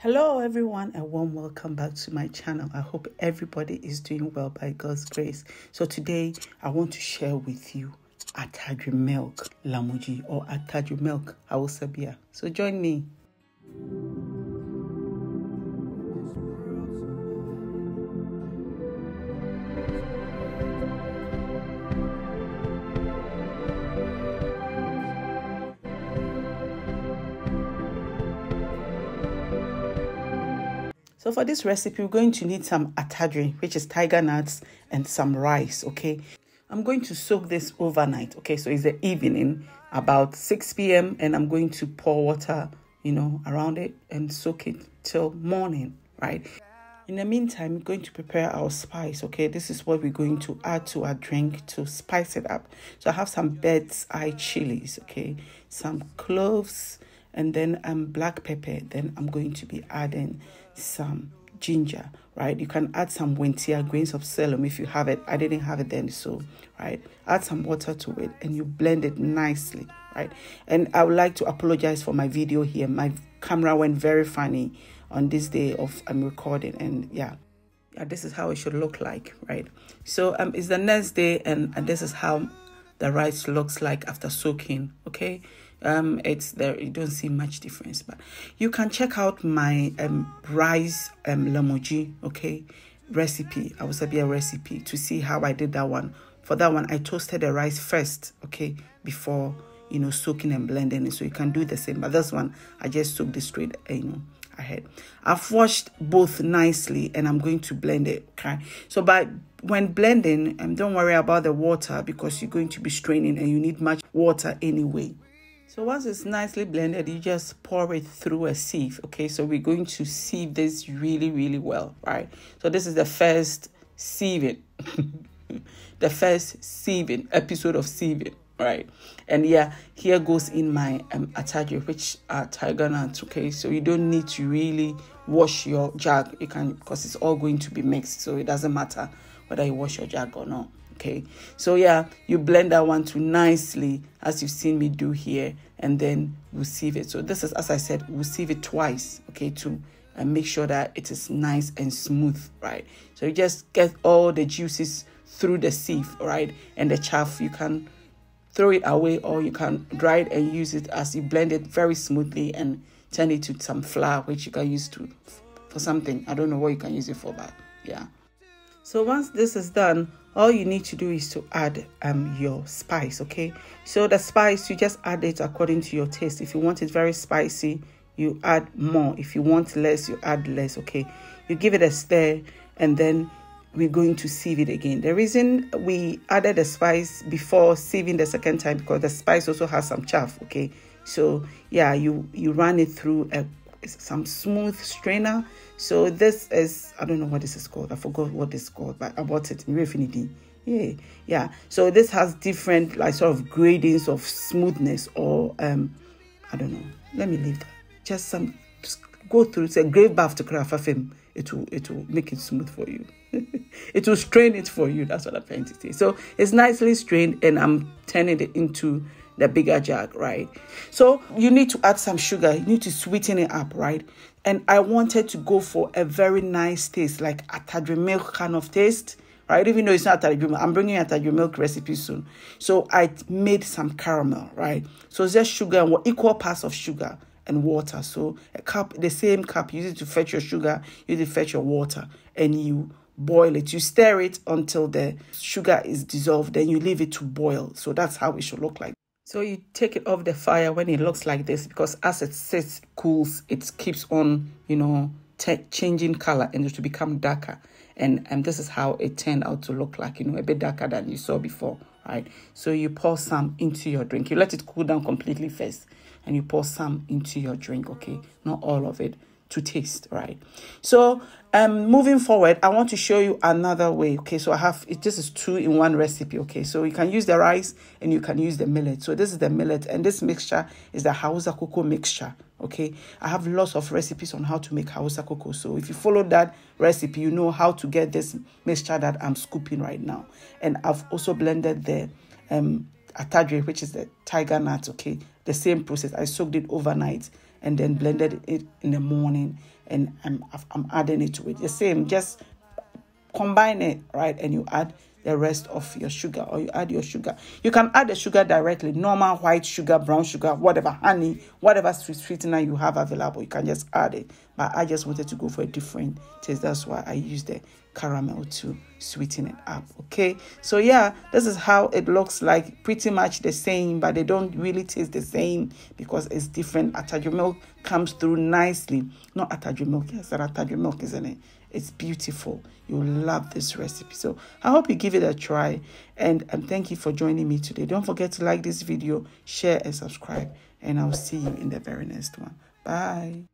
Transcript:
Hello, everyone, and warm welcome back to my channel. I hope everybody is doing well by God's grace. So, today I want to share with you Atadri milk, Lamuji, or Atadri milk, Awusabia. So, join me. So for this recipe, we're going to need some atadri, which is tiger nuts, and some rice, okay? I'm going to soak this overnight, okay? So it's the evening, about 6 p.m., and I'm going to pour water, you know, around it and soak it till morning, right? In the meantime, we're going to prepare our spice, okay? This is what we're going to add to our drink to spice it up. So I have some bird's eye chilies, okay? Some cloves, and then um, black pepper. Then I'm going to be adding some ginger, right? You can add some winter grains of celery if you have it. I didn't have it then, so right. Add some water to it and you blend it nicely, right? And I would like to apologize for my video here. My camera went very funny on this day of I'm um, recording and yeah. yeah. This is how it should look like, right? So um, it's the next day, and, and this is how the rice looks like after soaking. Okay, um it's there you don't see much difference but you can check out my um rice um lamoji okay recipe i will send you a recipe to see how i did that one for that one i toasted the rice first okay before you know soaking and blending it so you can do the same but this one i just soaked it straight uh, you know ahead i've washed both nicely and i'm going to blend it okay so by when blending um, don't worry about the water because you're going to be straining and you need much water anyway so once it's nicely blended, you just pour it through a sieve. Okay, so we're going to sieve this really, really well, right? So this is the first sieving, the first sieving episode of sieving, right? And yeah, here goes in my um, attachment, which are tiger nuts. Okay, so you don't need to really wash your jug. You can because it's all going to be mixed, so it doesn't matter whether you wash your jug or not. Okay, so yeah, you blend that one too nicely as you've seen me do here, and then we'll sieve it. So this is, as I said, we'll sieve it twice, okay, to uh, make sure that it is nice and smooth, right? So you just get all the juices through the sieve, right? And the chaff, you can throw it away or you can dry it and use it as you blend it very smoothly and turn it to some flour, which you can use to for something. I don't know what you can use it for, but yeah. So once this is done, all you need to do is to add um, your spice, okay? So the spice, you just add it according to your taste. If you want it very spicy, you add more. If you want less, you add less, okay? You give it a stir and then we're going to sieve it again. The reason we added the spice before sieving the second time because the spice also has some chaff, okay? So yeah, you you run it through a some smooth strainer. So this is I don't know what this is called. I forgot what it's called, but I bought it in Refinity. Yeah, yeah. So this has different like sort of gradings of smoothness or um I don't know. Let me leave that. Just some just go through say grave bath to craft a film. It will it will make it smooth for you. it will strain it for you. That's what I'm trying to say. So it's nicely strained and I'm turning it into the bigger jug, right? So you need to add some sugar, you need to sweeten it up, right? And I wanted to go for a very nice taste, like a tadri milk kind of taste, right? Even though it's not tadri milk, I'm bringing a tadri milk recipe soon. So I made some caramel, right? So just sugar and equal parts of sugar and water. So a cup, the same cup, use it to fetch your sugar, You need to fetch your water, and you boil it. You stir it until the sugar is dissolved, then you leave it to boil. So that's how it should look like. So you take it off the fire when it looks like this because as it sits, cools, it keeps on, you know, changing color and it will become darker. And, and this is how it turned out to look like, you know, a bit darker than you saw before, right? So you pour some into your drink. You let it cool down completely first and you pour some into your drink, okay? Not all of it to taste, right? So um moving forward, I want to show you another way. Okay, so I have it this is two in one recipe. Okay, so you can use the rice and you can use the millet. So this is the millet, and this mixture is the Hausa cocoa mixture. Okay, I have lots of recipes on how to make Hausa cocoa. So if you follow that recipe, you know how to get this mixture that I'm scooping right now. And I've also blended the um atadre, which is the tiger nuts. okay, the same process. I soaked it overnight and then blended it in the morning and I'm, I'm adding it to it. The same, just combine it, right? And you add the rest of your sugar or you add your sugar. You can add the sugar directly, normal white sugar, brown sugar, whatever, honey, whatever sweet sweetener you have available, you can just add it. But I just wanted to go for a different taste. That's why I use the caramel to sweeten it up. Okay. So yeah, this is how it looks like. Pretty much the same, but they don't really taste the same because it's different. Atajo milk comes through nicely. Not atajo milk. Yes, that atajo milk, isn't it? It's beautiful. You'll love this recipe. So I hope you give it a try. And, and um, thank you for joining me today. Don't forget to like this video, share and subscribe. And I'll see you in the very next one. Bye.